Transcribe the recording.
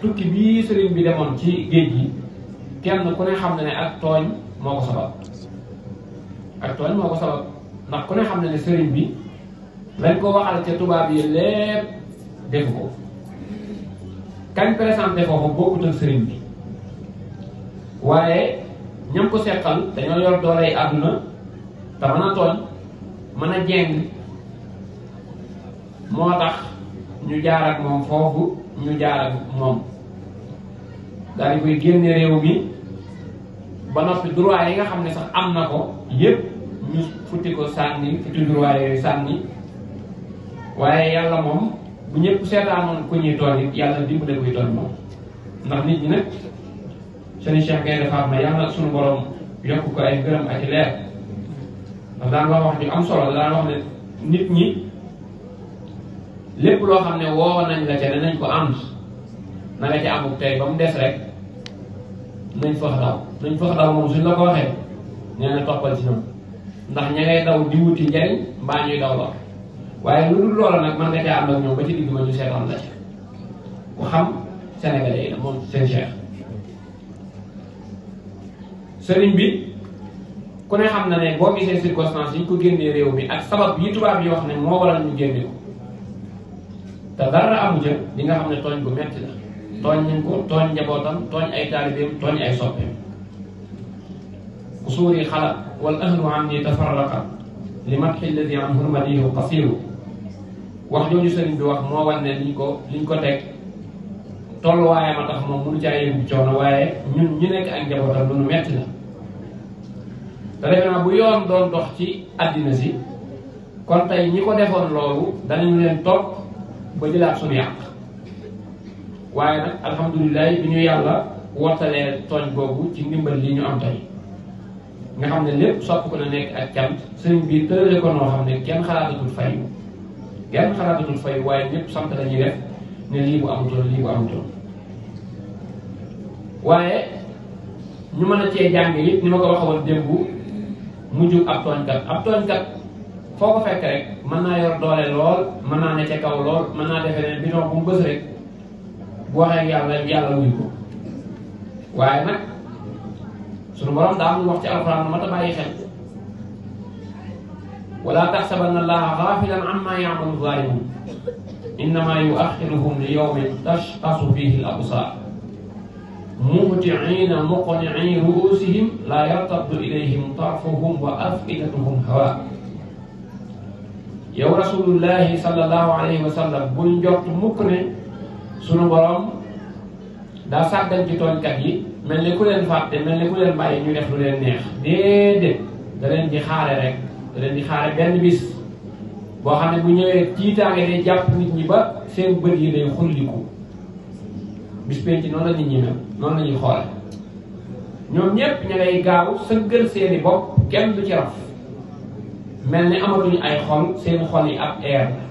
tukki bii sëriñ bi demoon ci géej gi kenn ku ne xam na ne ak tooñ moo ko sabab ak tooñ moo ko sabab ndax ku ne xam na ne sëriñ bi lañ ko waxal ca tubaab yi lépp defu ko kañ présenté foofu bokkut ak sëriñ bi waaye ñam ko seqal dañoo yor dooley àdduna te mën a tooñ mën a jeng moo tax ñu jaar ak moom foofu ñu jaar ak moom daal di koy génne réew mi ba noppi droit yi nga xam ne sax am na ko yépp ñu futti ko sànni futti droit yooyu sànni waaye yàlla moom bu ñëpp seetaanoon ku ñuy toll it yàlla dimbale kuy toll moom ndax nit ñi nag seen Cheikh Gaynde Fatma yàlla na suñu borom yokk ko ay gërëm ak leer ndax daan wax nit ñi lépp loo xam ne woo nañ la ca ne nañ ko am na nga ca amub tey ba mu des rek nañ fax daw nañ fax daw moom suñ la ko waxee nee na toppal ci ñoom ndax ña ngay daw di wuti ñoom ci digg la ci ku moom seen cheikh sëriñ bi ku ne xam na ne boo gisee circonstances yi ñu ko génnee réew mi ak sabab yi tubaab yi wax ne moo waral ñu génne ko te dara amu ja li nga xam ne tooñ bu metti la tooñ nañ ko tooñ njabootam tooñ ay taalibeem tooñ ay soppeem usuuri xala wal ahlu an ni li matxi alladi an hurmatihi qasiru wax jooju ko liñ ko waaye ñun ñu nekk ak njabootam lu nu metti la te defe naa bu yoon doon dox ci àddina si kon tey ñi ko defoon loolu danañu leen topp ba jëlaat suñu yàq waaye nag alhamdulilah bi ñu yàlla wartalee tooñ boobu ci ndimbal li ñu am tey nga xam ne lépp sopp ko na nekk ak cant sëriñ bi tërale ko noo xam ne kenn xalaatatul fay kenn xalaatatul fay waaye ñëpp sant la ñuy ne lii bu amutoon lii bu amutoon waaye ñu mën a cee jàng yëpp ni ma ko waxoon démb mujj ab tooñkat ab tooñkat foo ko fekk rek mën naa yor doole lool mën naa ne ca kaw lool mën naa defee ne bidon bu mu bës rek bu waxee yàlla yàlla wuy ko waaye nag sunu borom daa am wax ci alxuraan mat a bàyyi xel wala taxsabanna allaha gaafilan amma yaamalu zaalimuun innama yuaxiruhum li yawmin tashxasu fihi l absaar muhtiina muqnicii ruusihim laa yartaddu ilayhim tarfuhum wa afidatuhum hawaa yow rasulullahi sallallahu alayhi wa sallam buñ jot mukk ne sunu borom daa sàggan ci tooñkat yi mel ni ku leen fàtte mel ni ku leen bàyyi ñu def lu leen neex déedéet da leen di xaare rek da leen di xaare benn bis boo xam ne bu ñëwee tiitaange day jàpp nit ñi ba seen bët yi day xulliku bis penc noonu la nit ñi mel noonu la ñuy ñoom ñépp ña ngay gaaw sëggal seeni bopp kenn du ci raf mel ni amatuñu ay xol seen xol yi ab air la